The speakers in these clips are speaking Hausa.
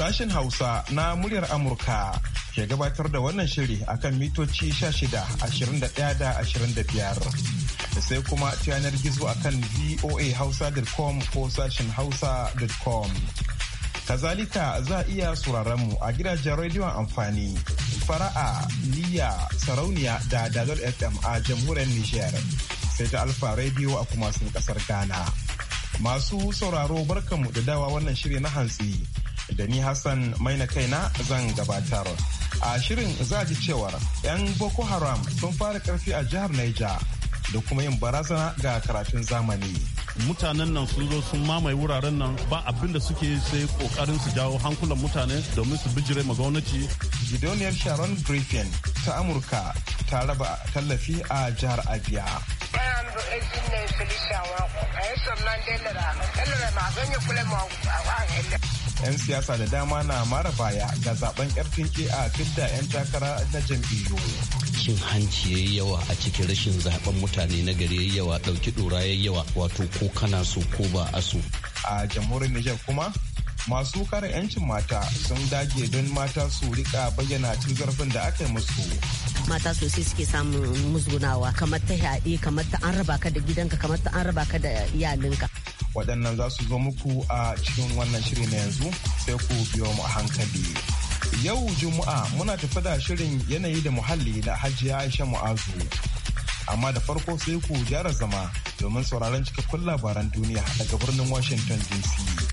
Sashen Hausa na muryar Amurka ke gabatar da wannan shiri akan mitoci 16, 21 da 25. Sai kuma ta yanar gizo akan voahausa.com ko sashen hausa.com. Kazalika za a iya mu a gidajen rediyon amfani, fara'a, niyya, sarauniya da dalol FM a jamhuriyar Nijar, sai ta Alfa rediyo a kuma sun kasar Ghana. Masu sauraro barkanmu da dawa wannan shiri na hantsi. da ni Hassan maina kaina zan gabatar. A shirin za ji cewar 'yan Boko Haram sun fara karfi a jihar Niger da kuma yin barazana ga karatun zamani. Mutanen nan sun zo sun mamaye wuraren nan ba abin da suke sai kokarin su jawo hankulan mutane domin su bijire ma gwamnati. Gidauniyar Sharon Griffin ta Amurka ta raba tallafi a jihar Abia. 'yan siyasa da dama na mara baya ga zaben karfin ke a fidda 'yan takara na jam'iyyu. cin hanci yayi yawa a cikin rashin zaben mutane na gari ya yi yawa ɗauki ɗora ya yi yawa wato ko kana so ko ba a so. a jamhuriyar Nijar kuma masu kare 'yancin mata sun dage don mata su rika bayyana cin zarafin da aka yi musu. mata sosai suke samun musgunawa kamar ta yaɗe kamar ta an raba ka da gidanka kamar ta an raba ka da iyalinka. waɗannan za su zo muku a cikin wannan shiri na yanzu sai ku biyo mu a hankali. Yau Juma'a muna tafi da shirin yanayi da muhalli da Hajiya Aisha Mu'azu. Amma da farko sai ku gyara zama domin sauraron cikakkun labaran duniya daga birnin Washington DC.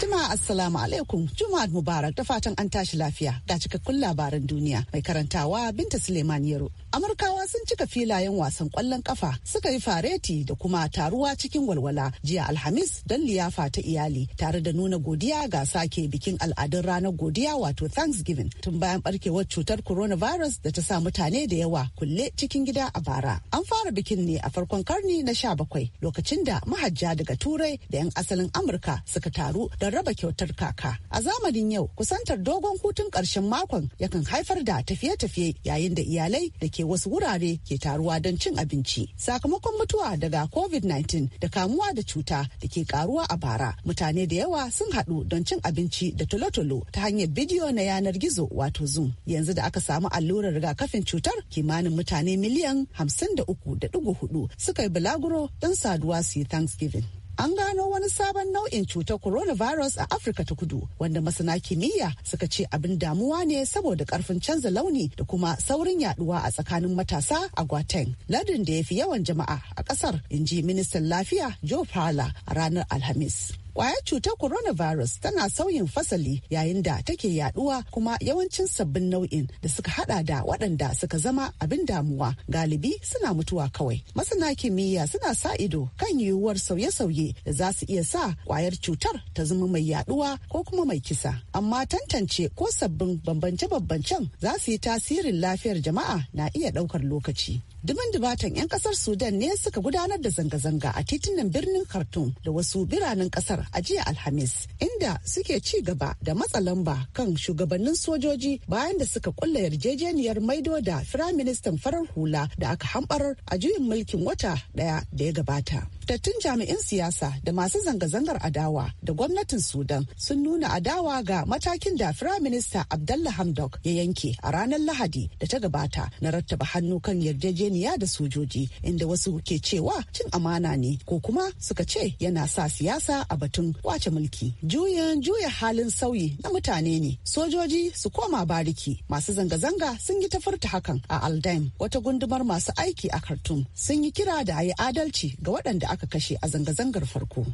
Juma Assalamu alaikum Juma'at Mubarak da fatan an tashi lafiya ga cikakkun labaran duniya mai karantawa Binta Suleiman Yero. Amurkawa sun cika filayen wasan kwallon kafa suka yi fareti da kuma taruwa cikin walwala jiya Alhamis don liyafa ta iyali tare da nuna godiya ga sake bikin al'adun ranar godiya wato Thanksgiving tun bayan barkewar cutar coronavirus da ta sa mutane da yawa kulle cikin gida a bara. An fara bikin ne a farkon karni na 17 lokacin da mahajja daga Turai da 'yan asalin Amurka suka taru da don raba kyautar kaka. A zamanin yau kusantar dogon hutun ƙarshen makon yakan haifar da tafiye-tafiye yayin da iyalai da ke wasu wurare ke taruwa don cin abinci. Sakamakon mutuwa daga COVID-19 da kamuwa da cuta da ke karuwa a bara mutane da yawa sun haɗu don cin abinci da tolo-tolo ta hanyar bidiyo na yanar gizo wato Zoom. Yanzu da aka samu allurar rigakafin cutar kimanin mutane miliyan 53.4 suka yi bulaguro don saduwa su yi Thanksgiving. an gano wani sabon nau'in cutar coronavirus a afirka ta kudu wanda masana kimiyya suka ce abin damuwa ne saboda karfin canza launi da kuma saurin yaduwa a tsakanin matasa a Gauteng, ladin da ya fi yawan jama'a a kasar in ji ministan lafiya joe Fowler a ranar alhamis Kwayar cutar coronavirus tana sauyin fasali yayin da take yaduwa kuma yawancin sabbin nau'in da suka hada da waɗanda suka zama abin damuwa galibi suna mutuwa kawai. Masana kimiyya suna sa ido kan yiwuwar sauye-sauye da za su iya sa kwayar cutar ta zama mai yaduwa ko kuma mai kisa. Amma tantance ko sabbin bambance-bambancen za su yi tasirin lafiyar jama'a na iya ɗaukar lokaci. dubin dubatan 'yan kasar sudan ne suka gudanar da zanga-zanga a titunan birnin khartoum da wasu biranen kasar a jiya alhamis inda suke ci gaba da matsa lamba kan shugabannin sojoji bayan da suka kulla yarjejeniyar maido da firaministan farar hula da aka hambarar a juyin mulkin wata daya da ya gabata fitattun jami'in siyasa da masu zanga-zangar adawa da gwamnatin sudan sun nuna adawa ga matakin da firaminista abdallah hamdok ya yanke a ranar lahadi da ta gabata na rattaba hannu kan yarjejeniya da sojoji inda wasu ke cewa cin amana ne ko kuma suka ce yana sa siyasa a batun kwace mulki juyin juya halin sauyi na mutane ne sojoji su koma bariki masu zanga-zanga sun yi ta furta hakan a aldaim wata gundumar masu aiki a khartoum sun yi kira da a yi adalci ga waɗanda aka kashe a zanga-zangar farko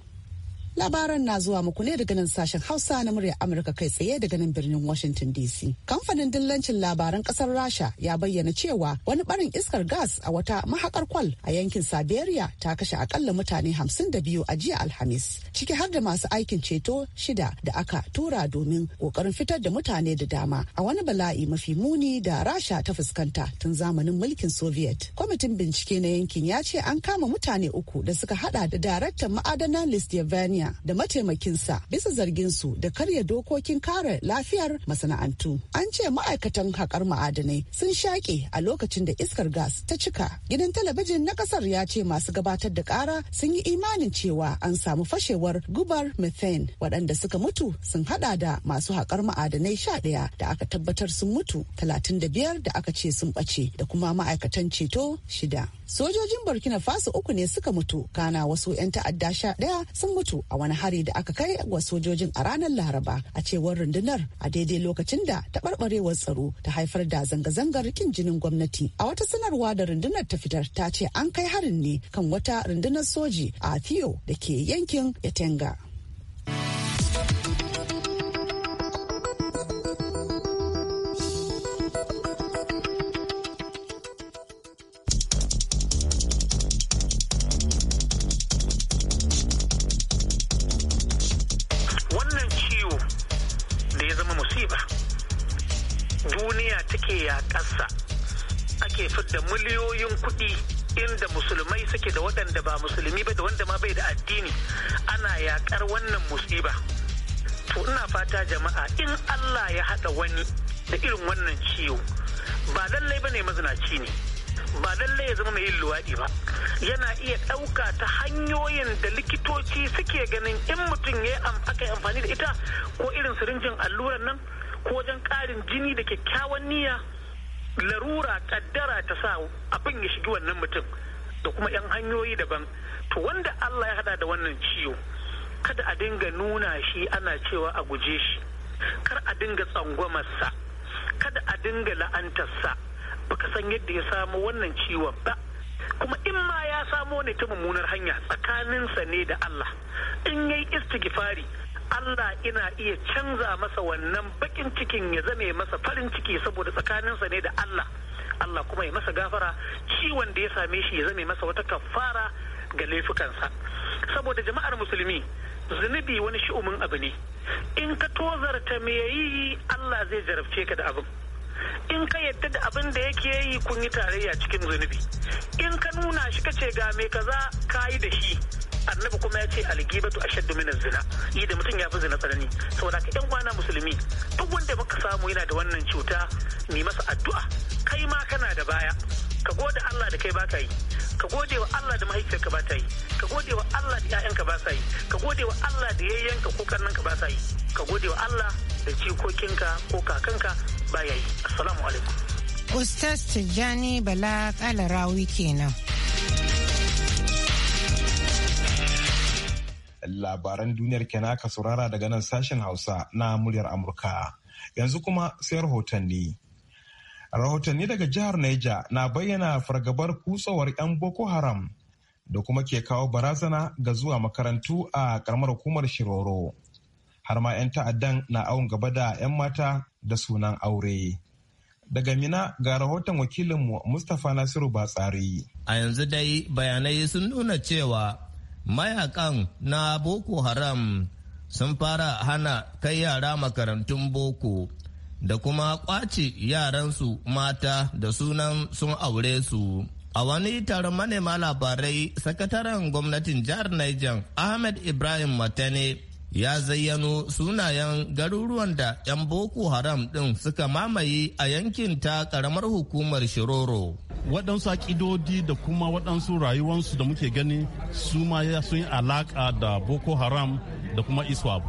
Labaran na zuwa muku ne daga nan sashen Hausa na muryar Amurka kai tsaye daga nan birnin Washington DC. Kamfanin dillancin labaran kasar Rasha ya bayyana cewa wani barin iskar gas a wata mahakar kwal a yankin Siberia ta kashe akalla mutane 52 a jiya Alhamis, ciki har da masu aikin ceto shida da aka tura domin kokarin fitar da mutane da dama a wani bala'i mafi muni da Rasha ta fuskanta tun zamanin mulkin Soviet. Kwamitin bincike na yankin ya ce an kama mutane uku da suka hada da daraktan ma'adanan Listyavania Kenya da mataimakinsa bisa zargin su da karya dokokin kare lafiyar masana'antu. An ce ma'aikatan haƙar ma'adanai sun shaƙe a lokacin da iskar gas ta cika. Gidan talabijin na ƙasar ya ce masu gabatar da ƙara sun yi imanin cewa an samu fashewar gubar methane waɗanda suka mutu sun haɗa da masu haƙar ma'adanai sha ɗaya da aka tabbatar sun mutu talatin da biyar da aka ce sun ɓace da kuma ma'aikatan ceto shida. Sojojin Burkina Faso uku ne suka mutu kana wasu 'yan ta'adda sha ɗaya sun mutu a wani hari da aka kai wa sojojin a ranar Laraba a cewar rundunar a daidai lokacin da taɓarɓarewar tsaro ta haifar da zanga-zangar ƙin jinin gwamnati. A wata sanarwa da rundunar ta fitar ta ce an kai harin ne kan wata rundunar soji a fiyo da ke yankin Yatenga. kyakkyawan niyya larura kaddara ta sa abin ya shigi wannan mutum da kuma 'yan hanyoyi daban to wanda Allah ya hada da wannan ciwo kada a dinga nuna shi ana cewa a guje shi kar a dinga tsangwamarsa kada a dinga la'antarsa baka san yadda ya samu wannan ciwon ba kuma in ma ya samo ne ta mummunar hanya tsakaninsa ne da Allah in yayi istighfari Allah ina iya canza masa wannan bakin cikin ya zame masa farin ciki saboda tsakaninsa ne da Allah Allah kuma ya masa gafara ciwon da ya same shi ya zame masa wata kafara ga laifukansa saboda jama'ar musulmi zunubi wani shi'umin abu ne in ka tozarta me yi Allah zai jarabce ka da abin in ka yadda da abin da yake yi kun yi tarayya cikin zunubi in ka nuna shi ka ce ga me kaza ka yi da shi annabi kuma ya ce algibatu ashaddu min zina yi da mutum ya fi zina tsanani saboda ka yan gwana musulmi duk wanda muka samu yana da wannan cuta mi masa addu'a kai ma kana da baya ka gode Allah da kai baka yi ka gode wa Allah da mahaifiyarka ba ta yi ka gode wa Allah da ƴaƴanka ba sa yi ka gode wa Allah da yayyanka ko ka ba sa yi ka gode wa Allah da jikokinka ko kakanka ba ya assalamu alaikum Ustaz Tijjani Bala Kalarawi kenan. labaran duniyar kenaka saurara daga nan sashen hausa na muryar amurka yanzu kuma sai rahotanni rahotanni daga jihar Niger na bayyana fargabar kutsawar 'yan boko haram da kuma ke kawo barazana ga zuwa makarantu a karamar hukumar shiroro har ma 'yan ta'addan na awon gaba da 'yan mata da sunan aure daga mina ga rahoton wakilinmu mustapha nasiru batsari a yanzu dai bayanai sun nuna cewa mayakan na boko haram sun fara hana kai yara makarantun boko da kuma kwace yaransu mata da sunan sun aure su a wani taron manema labarai sakataren gwamnatin jihar niger ahmed ibrahim matane ya zayyano sunayen garuruwan da 'yan boko haram ɗin suka mamaye a yankin ta ƙaramar hukumar shiroro waɗansu akidodi da kuma waɗansu rayuwansu da muke gani su ma sun yi alaƙa da boko haram da kuma iswab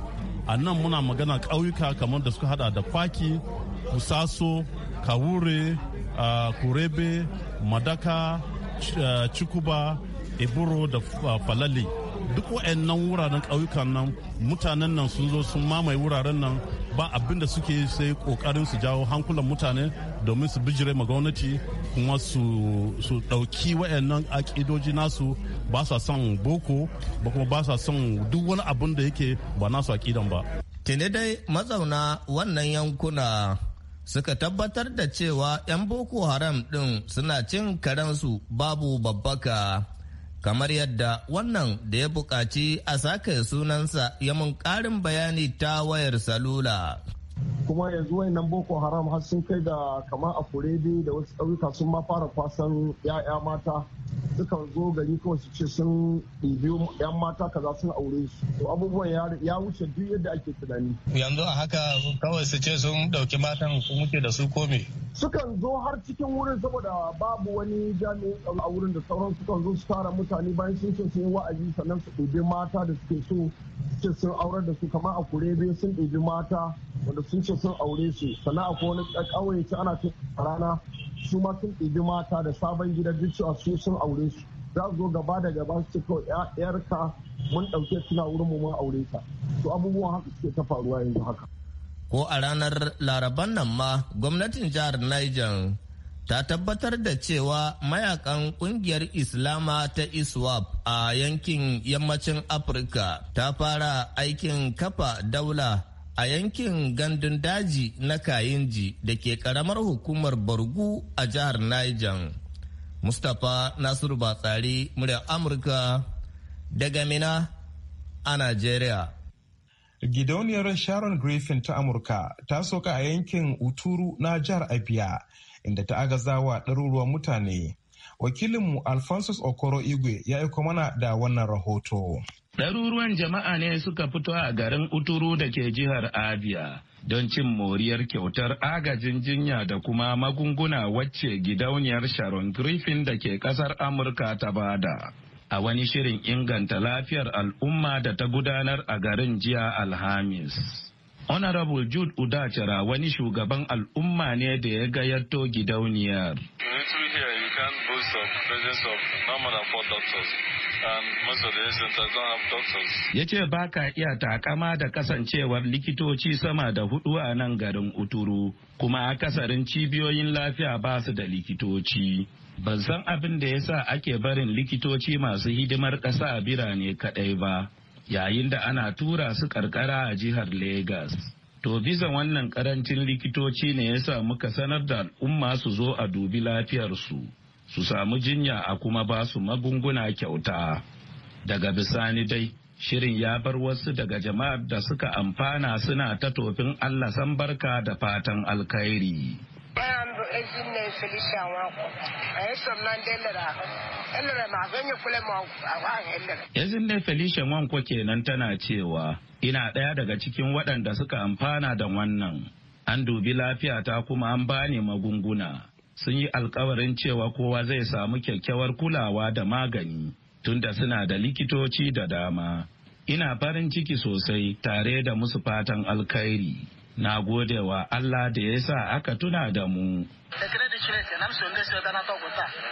a nan muna magana ƙauyuka kamar da suka hada da kwaki kusaso kawure kurebe madaka cikuba eburo da falali duk wa'annan wuraren ƙauyukan nan mutanen nan sun zo sun mamaye wuraren nan ba abin da suke sai ƙoƙarin su jawo hankulan mutane domin su bijire ma gwamnati kuma su ɗauki wayannan akidoji nasu ba sa son boko ba kuma ba sa son duk wani abin da yake ba nasu akidan ba. Tene dai mazauna wannan yankuna suka tabbatar da cewa 'yan boko haram din suna cin karensu babu babbaka kamar yadda wannan da ya buƙaci a sake sunansa ya mun ƙarin bayani ta wayar salula. kuma yanzu wayannan boko haram har sun kai da kama a furebe da wasu ƙauyuka sun ma fara kwasan 'ya'ya mata sukan zo gari kawai su ce sun biyu yan mata kaza sun aure su to abubuwan ya wuce duk yadda ake tunani yanzu a haka kawai su ce sun dauki matan muke da su kome sukan zo har cikin wurin saboda babu wani jami'in tsaro a wurin da sauran sukan zo su tara mutane bayan sun ce sun yi wa'azi sannan su ɗebe mata da suke so ce sun aurar da su kamar a kure biyu sun ɗibi mata wanda sun ce sun aure su sannan akwai wani ƙauye ce ana ce rana su ma sun ɗibi mata da sabon gida duk cewa su sun aure su za su zo gaba da gaba su ce kawai yarka mun ɗauke suna wurin mu mun aure ta to abubuwan haka suke ta faruwa yanzu haka. ko a ranar laraban nan ma gwamnatin jihar niger ta tabbatar da cewa mayakan kungiyar islama ta iswap a yankin yammacin afirka ta fara aikin kafa daula a yankin gandun daji na kayinji da ke karamar hukumar bargu a jihar niger mustapha nasiru batsari muryar amurka daga mina a nigeria gidauniyar sharon griffin ta amurka ta soka a yankin uturu na jihar abia inda ta agazawa ɗaruruwan mutane wakilinmu alphonsus okoro igwe ya aiko mana da wannan rahoto ɗaruruwan jama'a ne suka fito a garin uturu da ke jihar abia don cin moriyar kyautar agajin jinya da kuma magunguna wacce gidauniyar Sharon Griffin da ke kasar Amurka ta bada. A wani shirin inganta lafiyar al'umma da ta gudanar a garin jiya Alhamis. Honorable Jude Udachara wani shugaban al'umma ne da ya gayyato gidauniyar. Ya ce ba ka iya takama da kasancewar likitoci sama da hudu a nan garin Uturu, kuma akasarin cibiyoyin lafiya ba su da likitoci. Ban san abin da ya sa ake barin likitoci masu hidimar ƙasa birane kaɗai ba. yayin da ana tura su karkara a jihar Legas. To bisa wannan karancin likitoci ne ya sa muka sanar da al'umma su zo a dubi lafiyarsu, su samu jinya a kuma ba su magunguna kyauta. Daga bisani dai, shirin ya bar wasu daga jama'ar da suka amfana suna ta tofin Allah san barka da fatan alkhairi. ezinne felicia m na ndị ahụ elere m ahụ m ahụ ahụ elere felicia nwankwo kenan tana cewa ina ɗaya daga cikin waɗanda suka amfana da wannan an dubi lafiyata kuma an bani magunguna sun yi alkawarin cewa kowa zai samu kyakkyawar kulawa da magani tunda suna da likitoci da dama ina farin ciki sosai tare da musu fatan alkhairi Na godewa Allah da ya sa aka tuna da mu.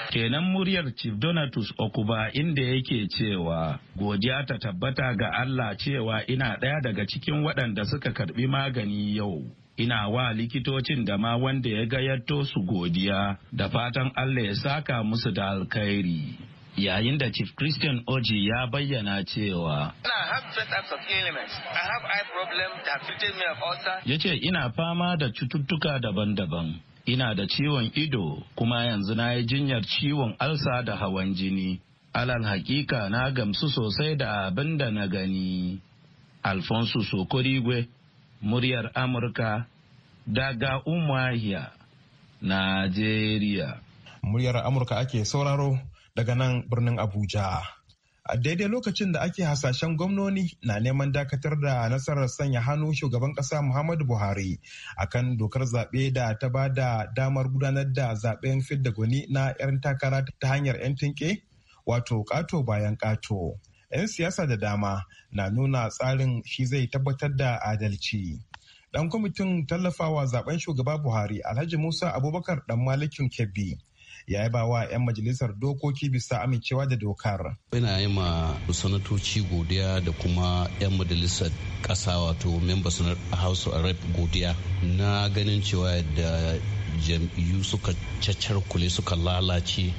Kenan muryar Chief Donatus Okuba inda yake cewa godiya ta tabbata ga Allah cewa ina ɗaya daga cikin waɗanda suka karɓi magani yau. Ina wa likitocin da ma wanda ya gayyato su godiya da fatan Allah ya saka musu da alkhairi. yayin da Chief Christian Oji ya bayyana cewa ya ce ina fama da cututtuka daban-daban. Ina da ciwon ido kuma yanzu na yi jinyar ciwon alsa da hawan jini. Alal hakika na gamsu sosai da abin da na gani. Alfonso Sokorigwe, muryar Amurka, daga Umuahia, Najeriya. Muryar Amurka ake sauraro daga nan birnin Abuja. A daidai lokacin da ake hasashen gwamnoni na neman dakatar da nasarar sanya hannu shugaban ƙasa Muhammadu Buhari a kan dokar zaɓe da ta ba da damar gudanar da zaɓen fidda gwani na 'yan takara ta hanyar 'yan tinke wato ƙato bayan ƙato. 'Yan siyasa da dama na nuna tsarin shi zai tabbatar da adalci. Ɗan kwamitin tallafawa zaɓen shugaba Buhari Alhaji Musa Abubakar ɗan Malikin Kebbi ya ba wa 'yan majalisar dokoki bisa amincewa da dokar. Ina yi ma sanatoci godiya da kuma 'yan majalisar ƙasa wato members na House of Rep godiya na ganin cewa da jam'iyyu suka kule suka lalace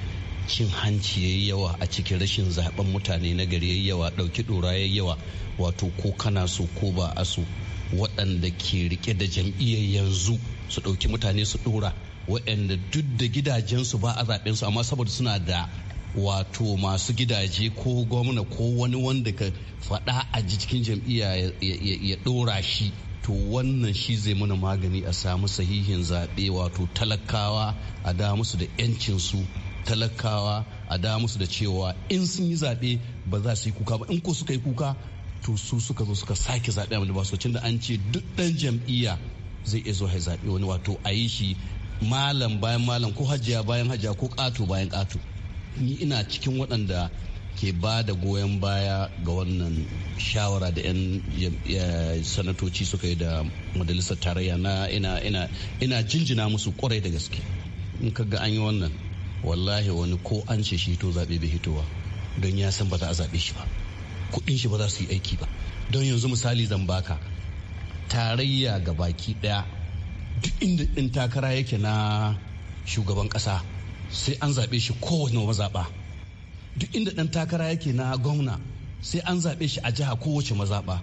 cin hanci yi yawa a cikin rashin zaben mutane na gari yi yawa ɗauki ɗora ya yawa wato ko kana so ko ba a so waɗanda ke rike da jam'iyyar yanzu su ɗauki mutane su ɗora waɗanda duk da gidajensu ba a zaɓen su amma saboda suna da wato masu gidaje ko gwamna ko wani wanda ka faɗa a cikin jam'iyya ya ɗora shi to wannan shi zai mana magani a samu sahihin zaɓe wato talakawa a da musu da 'yancinsu talakawa a da musu da cewa in sun yi zaɓe ba za su yi kuka ba in ko suka yi kuka to su suka zo suka sake zaɓe abin da ba su da an ce duk ɗan jam'iyya zai iya zo ya zaɓe wani wato a yi shi malam bayan malam ko hajiya bayan hajiya ko Kato bayan Kato ni ina cikin waɗanda ke ba da goyon baya ga wannan shawara da 'yan sanatoci suka yi da majalisar tarayya na ina jinjina musu kwarai da gaske in ka ga an yi wannan wallahi wani ko an ce shi to zaɓe bai hitowa don ya san ba za a zaɓe shi ba kuɗin shi ba za su yi aiki ba don yanzu misali zan baka tarayya ga baki ɗaya duk inda in takara yake na shugaban kasa sai an zaɓe shi kowane mazaɓa duk inda ɗan takara yake na gwamna sai an zaɓe shi a jiha kowace mazaɓa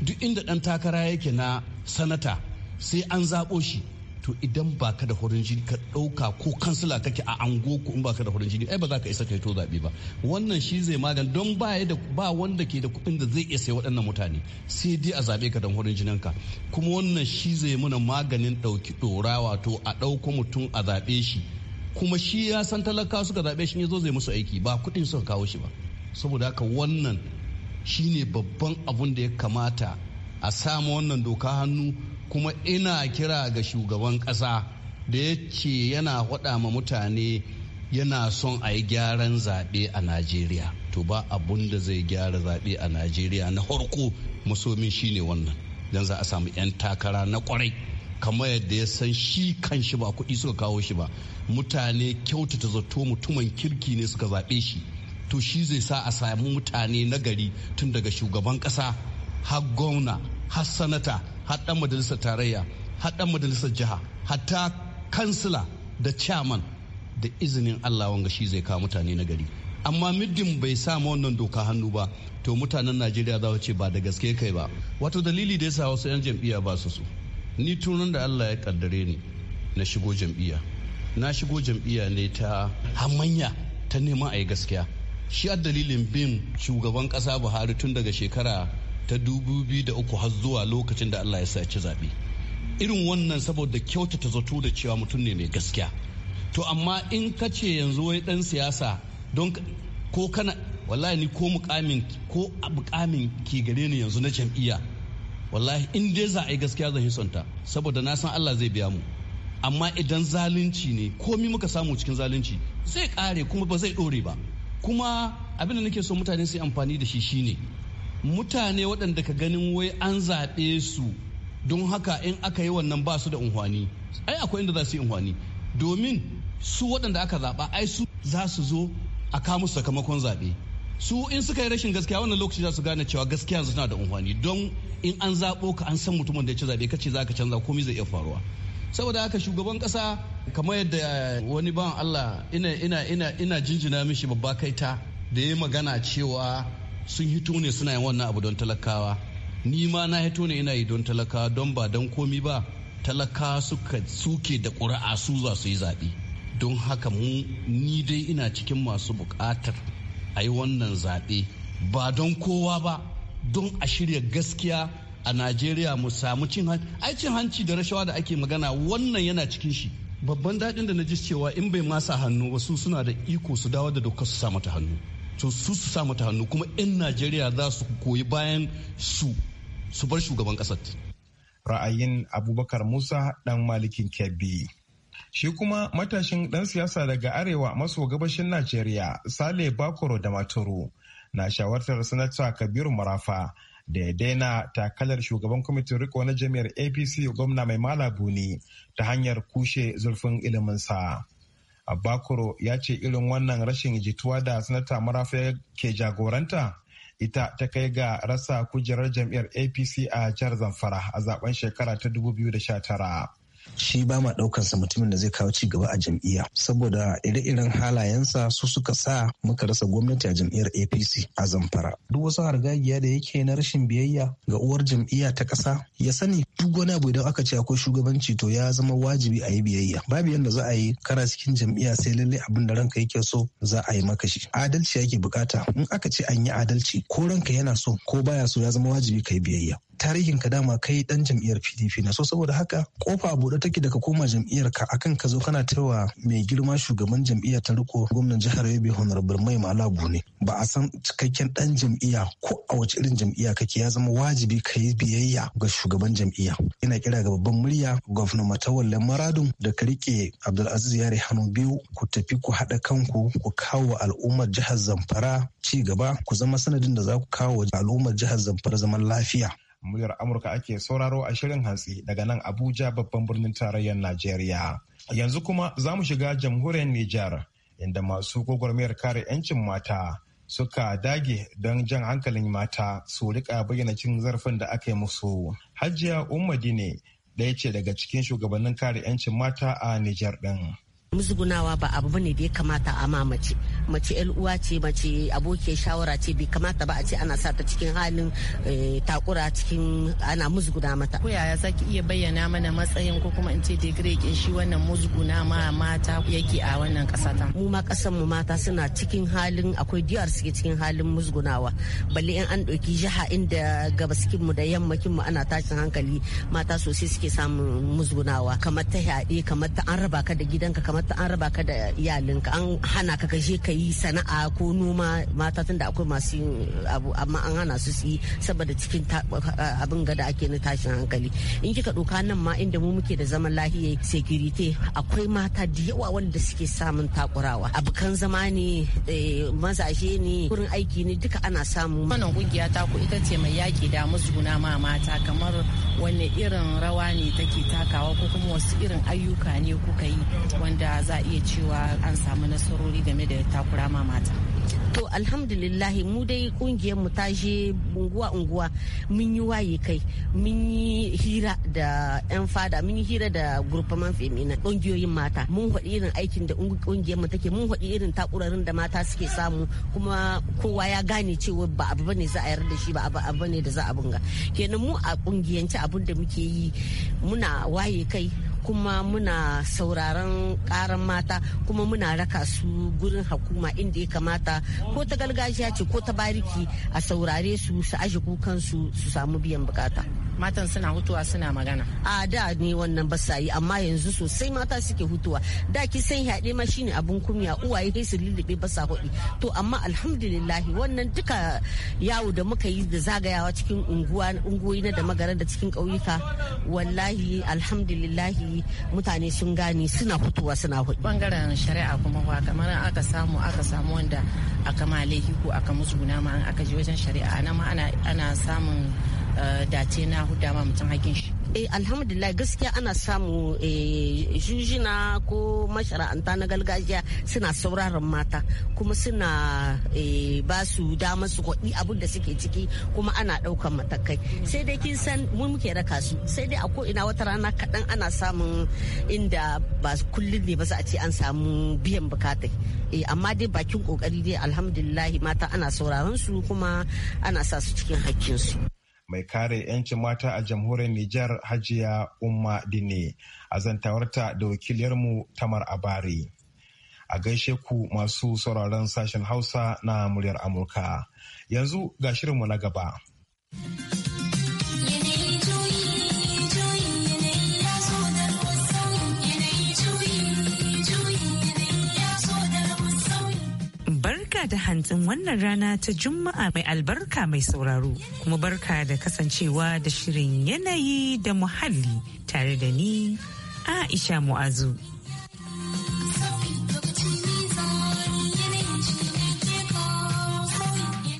duk inda ɗan takara yake na sanata sai an zaɓo shi to idan ba ka da horin jini ka ɗauka ko kansila kake a ango ko in ba ka da horin jini ai ba za ka isa kai to zaɓe ba wannan shi zai magan don ba da ba wanda ke da kuɗin da zai iya sai waɗannan mutane sai dai a zaɓe ka don horin jininka ka kuma wannan shi zai muna maganin ɗauki ɗora wato a ɗauko mutum a zaɓe shi kuma shi ya san talaka suka zaɓe shi ne zo zai musu aiki ba kuɗin suka kawo shi ba saboda haka wannan shine babban abun da ya kamata a samu wannan doka hannu kuma ina kira ga shugaban ƙasa da ya ce yana haɗa ma mutane yana son a yi gyaran zaɓe a najeriya to ba abun da zai gyara zaɓe a najeriya na farko masomin ne wannan don za a samu 'yan takara na kwarai kamar yadda ya san shi kan shi ba kuɗi suka kawo shi ba mutane kyautata zato mutumin kirki ne suka zaɓe shi to shi zai sa a samu mutane na gari tun daga shugaban ƙasa har gwamna har sanata haɗɗan majalisar tarayya haɗɗan majalisar jiha hatta kansila da chairman da izinin allah wanga shi zai kawo mutane na gari amma middin bai samu wannan doka hannu ba to mutanen najeriya za ce ba da gaske kai ba wato dalili da yasa wasu 'yan jam'iyya ba su su ni tunan da allah ya kaddare ni na shigo jam'iyya na shigo jam'iyya ne ta hamanya ta neman a yi gaskiya shi a dalilin bin shugaban kasa buhari tun daga shekara ta da uku har zuwa lokacin da Allah ya sa ci zaɓe irin wannan saboda kyautata zato da cewa mutum ne mai gaskiya to amma in ka ce yanzu wai dan siyasa don ko kana wallahi ni ko mukamin ko mukamin ke gare ni yanzu na jam'iyya wallahi in dai za a yi gaskiya zan hisanta saboda na san Allah zai biya mu amma idan zalunci ne komi muka samu cikin zalunci zai kare kuma ba zai dore ba kuma abin da nake so mutane su amfani da shi shine mutane waɗanda ka ganin wai an zaɓe su don haka in aka yi wannan ba su da unhwani ai akwai inda za su yi unhwani domin su waɗanda aka zaɓa ai su za su zo a kamu sakamakon zaɓe su in suka yi rashin gaskiya wannan lokaci za su gane cewa gaskiya yanzu na da unhwani don in an zaɓo ka an san mutumin da ya ci zaɓe kace za ka canza komai zai iya faruwa saboda haka shugaban kasa kamar yadda wani ban Allah ina ina ina ina jinjina mishi babba kaita da ya magana cewa sun hito ne suna yin wannan abu don talakawa ni ma na hito ne ina yi don talakawa don ba don komi ba talakawa suka suke da ƙuri'a su za su yi zaɓe don haka mu ni dai ina cikin masu buƙatar a yi wannan zaɓe ba don kowa ba don a shirya gaskiya a najeriya mu samu cin hanci ai cin hanci da rashawa da ake magana wannan yana cikin shi babban daɗin da na ji cewa in bai masa hannu ba su suna da iko su dawo da dokar su sa mata hannu to su su sa ta hannu kuma 'yan najeriya za su koyi bayan su su bar shugaban kasar ra'ayin abubakar musa dan malikin kebbi shi kuma matashin dan siyasa daga arewa maso gabashin najeriya sale bakoro da maturu na shawartar sanata kabiru marafa da ya daina takalar shugaban kwamitin riko na jami'ar apc gwamna mai malabu ne ta hanyar kushe zurfin iliminsa Abakuro ya ce irin wannan rashin jituwa da sanata marafa ke jagoranta ita ta kai ga rasa kujerar jam'iyyar apc a jihar zamfara a zaben shekara ta 2019 shi ba ma ɗaukansa mutumin da zai kawo ci gaba a jam'iyya saboda ire-iren halayensa su suka sa muka rasa gwamnati a jam'iyyar apc a zamfara duk wasu hargagiya da yake na rashin biyayya ga uwar jam'iyya ta ƙasa ya sani duk wani abu idan aka ce akwai shugabanci to ya zama wajibi a yi biyayya babu yadda za a yi kara cikin jam'iyya sai lallai abin da ranka yake so za a yi maka shi adalci yake bukata in aka ce an yi adalci ko ranka yana so ko baya so ya zama wajibi ka yi biyayya tarihin ka dama kai dan jam'iyyar PDP ne so saboda haka kofa buɗe take daga koma jam'iyyar ka akan ka zo kana taiwa mai girma shugaban jam'iyyar ta riko gwamnan jihar Yobe Honorable Mai Malabu ne ba a san cikakken dan jam'iyya ko a wace irin jam'iyya kake ya zama wajibi ka biyayya ga shugaban jam'iyya ina kira ga babban murya gwamnan Matawalle Maradun da ka rike Abdulaziz Yare hannu biyu ku tafi ku haɗa kanku ku kawo al'ummar jihar Zamfara ci gaba ku zama sanadin da za ku kawo al'ummar jihar Zamfara zaman lafiya muryar Amurka ake sauraro a shirin hantsi daga nan Abuja babban birnin tarayyar Najeriya. Yanzu kuma za mu shiga jamhuriyar Nijar inda masu gwagwarmayar kare 'yancin mata suka dage don jan hankalin mata su rika bayyana cin zarafin da aka yi musu. Hajiya ne ɗaya ce daga cikin shugabannin kare 'yancin mata a Nijar ɗin. muzgunawa ba abu bane da ya kamata a mace mace yan uwa ce mace abokiyar shawara ce bai kamata ba a ce ana sa cikin halin eh, takura cikin ana musguna mata ko yaya zaki iya bayyana mana matsayin ko kuma in ce kin shi wannan musguna ma mata yake a wannan kasa ta mu ma kasan mu mata suna cikin halin akwai diyar suke cikin halin musgunawa balle in an ɗauki jiha inda gabaskin mu da yammakin mu ana tashin hankali mata sosai suke samun musgunawa kamar ta yaɗe kamar ta an raba ka da gidanka kamar wata an raba ka da iyalinka an hana ka kaje ka yi sana'a ko noma mata tunda akwai masu abu amma an hana su su yi saboda cikin abin gada ake na tashin hankali in kika doka nan ma inda mu muke da zaman lafiya security akwai mata da yawa wanda suke samun takurawa abokan zama ne eh, mazaje ne wurin aiki ne duka ana samu wannan kungiya ta ku ita ce mai yaki da musguna ma mata kamar wanne irin rawa ne take takawa ko kuma wasu irin ayyuka ne kuka yi wanda za a iya cewa an samu nasarori game da takura ma mata to alhamdulillah mu dai kungiyar mu ta je unguwa unguwa mun yi waye kai mun yi hira da yan fada mun yi hira da gurfaman femina kungiyoyin mata mun faɗi irin aikin da kungiyar mu take mun faɗi irin takurarin da mata suke samu kuma kowa ya gane cewa ba abu bane za a yarda da shi ba abu bane da za a bunga kenan mu a kungiyance abun da muke yi muna waye kai kuma muna sauraron karan mata kuma muna raka su gurin hakuma inda ya kamata ko ta gargajiya ce ko ta bariki a saurare su su aji kukansu su samu biyan bukata matan suna hutuwa suna magana a da ne wannan ba yi amma yanzu sosai mata suke hutuwa da ki san yaɗe ma shine abun kumya uwaye kai su lullube ba sa hudi to amma alhamdulillah wannan duka yawo da muka yi da zagayawa cikin unguwa unguwoyi na da magaran da cikin ƙauyuka wallahi alhamdulillah yi mutane sun gane suna fitowa suna hudu bangaren shari'a kuma ba kamar aka samu aka samu wanda aka malehi ko aka musguna ma an aka je wajen shari'a nan ma ana samun Eh, dace na huda ma mutum hakin shi eh alhamdulillah gaskiya ana samu eh, jinjina ko mashara'anta na gargajiya suna sauraron mata kuma suna eh, ba su dama su kwaɗi abin da suke ciki kuma ana ɗaukan matakai sai dai kin san mun muke raka su sai dai a ko ina wata rana kaɗan ana samun inda ba kullum ne ba za a ce an samu biyan bukata amma dai bakin kokari dai alhamdulillah mata ana sauraron su kuma ana sa su cikin hakkin su mai kare 'yancin mata a jamhuriyar Nijar Hajiya Umma Dine a zantawarta da wakiliyarmu Tamar Abari. A gaishe ku masu sauraron sashen Hausa na muryar Amurka. Yanzu ga shirinmu na gaba. Ana da hantsin wannan rana ta Juma'a mai albarka mai sauraro, kuma barka da kasancewa da shirin yanayi da muhalli tare da ni Aisha Mu'azu.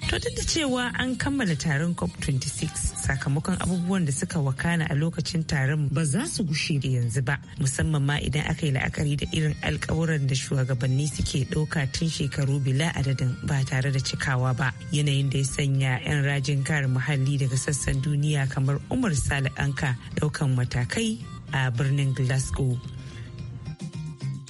To duk da cewa an kammala taron COP26 sakamakon abubuwan da suka wakana a lokacin taron ba za su gushe da yanzu ba musamman ma idan aka yi la'akari da irin alkawuran da shugabanni suke ɗauka tun shekaru bila adadin ba tare da cikawa ba yanayin da ya sanya 'yan rajin kare muhalli daga sassan duniya kamar umar sale anka ɗaukan matakai a birnin glasgow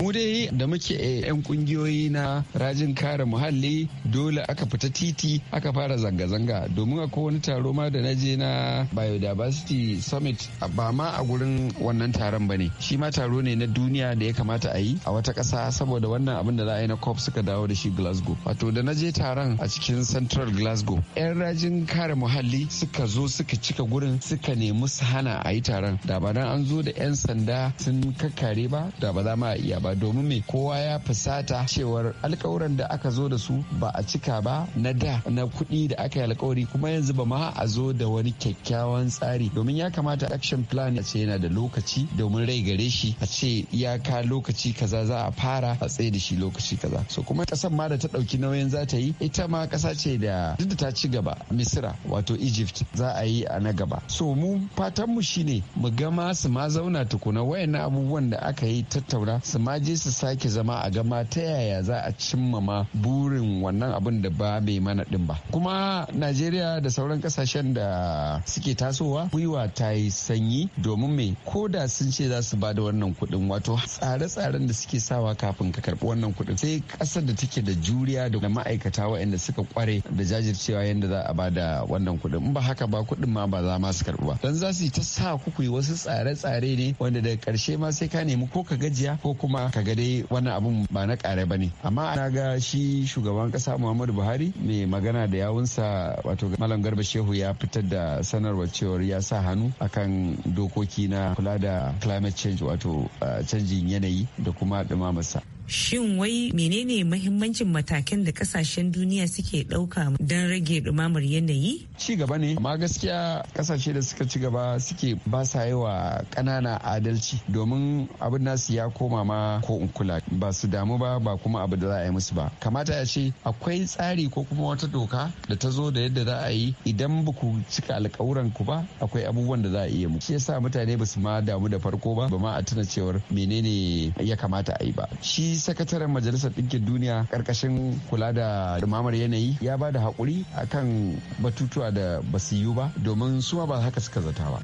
mu dai da muke eh, yan kungiyoyi na rajin kare muhalli dole aka fita titi aka fara zanga-zanga domin akwai wani taro ma da na je na biodiversity summit ba ma a gurin wannan taron ba ne shi ma taro ne na duniya da ya kamata a yi a wata kasa saboda wannan abin da za a yi na cop suka dawo da shi glasgow wato da na je taron a cikin central glasgow 'yan rajin kare muhalli suka zo suka cika gurin suka nemi su hana a yi taron da ba dan an zo da 'yan sanda sun kakkare ba da ba za ma iya ba domin me kowa ya fusata cewar alkawuran da aka zo da su ba a cika ba na da na kuɗi da aka yi alkawari kuma yanzu ba ma a zo da wani kyakkyawan tsari domin ya kamata action plan a ce yana da lokaci domin rai gare shi a ce ya ka lokaci kaza za a fara a tsaye da shi lokaci kaza so kuma kasan ma da ta ɗauki nauyin za ta yi ita ma kasa ce da duk da ta ci gaba misira wato egypt za a yi a na gaba so mu fatanmu shine mu gama su ma zauna tukuna wayannan abubuwan da aka yi tattauna su ma ma je su sake zama a gama ta yaya za a cimma ma burin wannan abin da ba bai mana din ba kuma najeriya da sauran kasashen da suke tasowa gwiwa ta yi sanyi domin mai ko da sun ce za su ba da wannan kuɗin wato tsare-tsaren da suke sawa kafin ka karɓi wannan kuɗin sai ƙasar da take da juriya da ma'aikata waɗanda suka kware da jajircewa yadda za a ba da wannan kuɗin in ba haka ba kuɗin ma ba za ma su karɓi ba dan za su yi ta sa kuku yi wasu tsare-tsare ne wanda daga karshe ma sai ka nemi ko ka gajiya ko kuma kaga ka ga dai wannan abun ba na kare ba ne amma na ga shi shugaban kasa muhammadu buhari mai magana da yawunsa wato malam garba shehu ya fitar da sanarwar cewar ya sa hannu akan dokoki na kula da climate change wato eh, canjin yanayi da kuma ɗumamarsa shin wai menene mahimmancin matakan da kasashen duniya suke ɗauka don rage ɗumamar yanayi? Ci gaba ne, amma gaskiya kasashe da suka ci gaba suke ba sa yi wa ƙanana adalci domin abin nasu ya koma ma ko in kula ba su damu ba ba kuma abu da za a yi musu ba. Kamata ya ce akwai tsari ko kuma wata doka da ta zo da yadda za a yi idan ba ku cika alkawuran ku ba akwai abubuwan da za a iya muku. Shi yasa mutane ba su ma damu da farko ba ba ma a tuna cewar menene ya kamata a yi ba. Shi sakataren majalisar ɗinkin duniya ƙarƙashin kula da dumamar yanayi ya ba da haƙuri akan batutuwa da basu yiwu ba domin suma ba haka suka zata ba.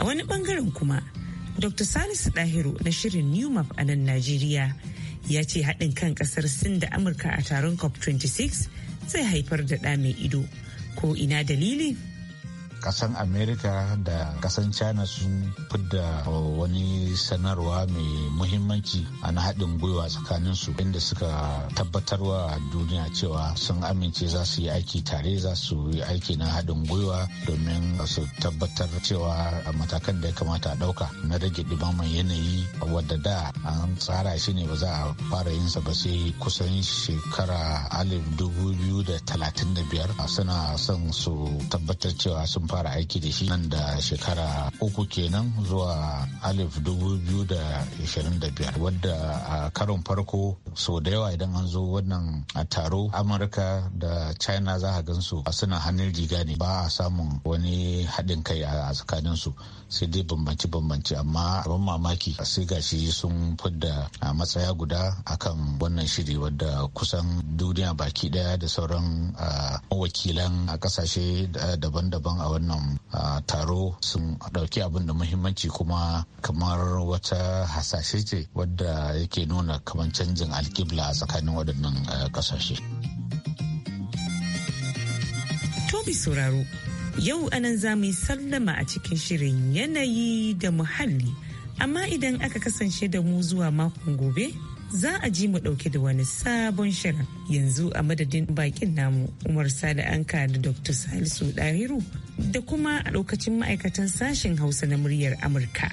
A wani ɓangaren kuma, Dr. Salisu Dahiru na shirin New Map a nan Najeriya ya ce haɗin kan ƙasar Sin da Amurka a taron COP26 zai haifar da ɗa mai ido. Ko ina dalili? kasan america da kasan china sun fidda uh, wani sanarwa mai muhimmanci a na haɗin gwiwa tsakanin su inda suka tabbatarwa duniya cewa sun amince za su yi aiki tare za su yi aiki na haɗin gwiwa domin su tabbatar cewa a matakan da ya kamata a ɗauka na rage ɗimaman yanayi wadda da an tsara shi ne ba za a fara yin sa ba sai kusan shekara alif dubu biyu da talatin da biyar suna son su tabbatar cewa sun fara aiki da shi nan da shekara uku kenan zuwa alif dubu biyu da ishirin da biyar wadda a karon farko sau da yawa idan an zo wannan a taro amurka da china za a gansu a suna hannun riga ne ba a samun wani haɗin kai a tsakanin su sai dai bambanci bambanci amma abin mamaki sai gashi sun fidda matsaya guda akan wannan shiri wadda kusan duniya baki daya da sauran wakilan a kasashe daban-daban a wannan taro sun ɗauki abin da muhimmanci kuma kamar wata hasashe ce wadda yake nuna kamar canjin alkibla a tsakanin waɗannan ƙasashe. Tobi sauraro yau anan za mu yi sallama a cikin shirin yanayi da muhalli amma idan aka kasance da mu zuwa makon gobe za a ji mu ɗauke da wani sabon shirin yanzu a madadin bakin namu umar sada anka da dr salisu dahiru da kuma a lokacin ma'aikatan sashen hausa na muryar amurka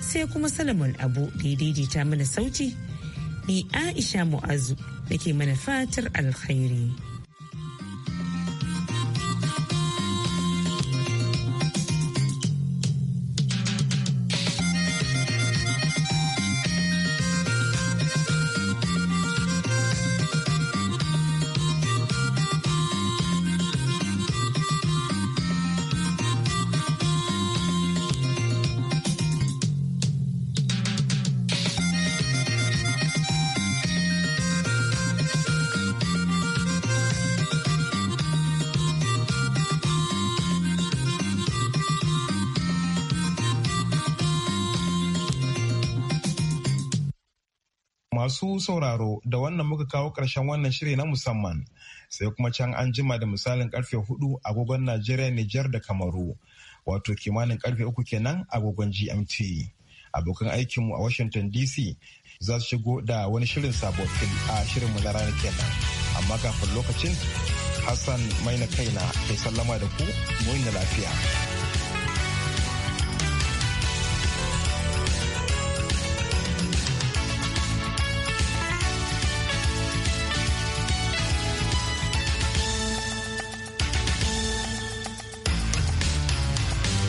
sai kuma salomon abu da ya daidaita mana sauti ni aisha mu'azu da ke mana fatar alkhairi. Masu sauraro da wannan muka kawo ƙarshen wannan shiri na musamman sai kuma can an jima da misalin karfe hudu agogon Najeriya, Nijar da Kamaru. Wato kimanin karfe uku kenan agogon GMT. Abokan aikinmu a Washington DC za su shigo da wani shirin sabon a shirinmu na ranar kenan. Amma kafin lokacin Hassan maina kaina sallama da ku, mu lafiya.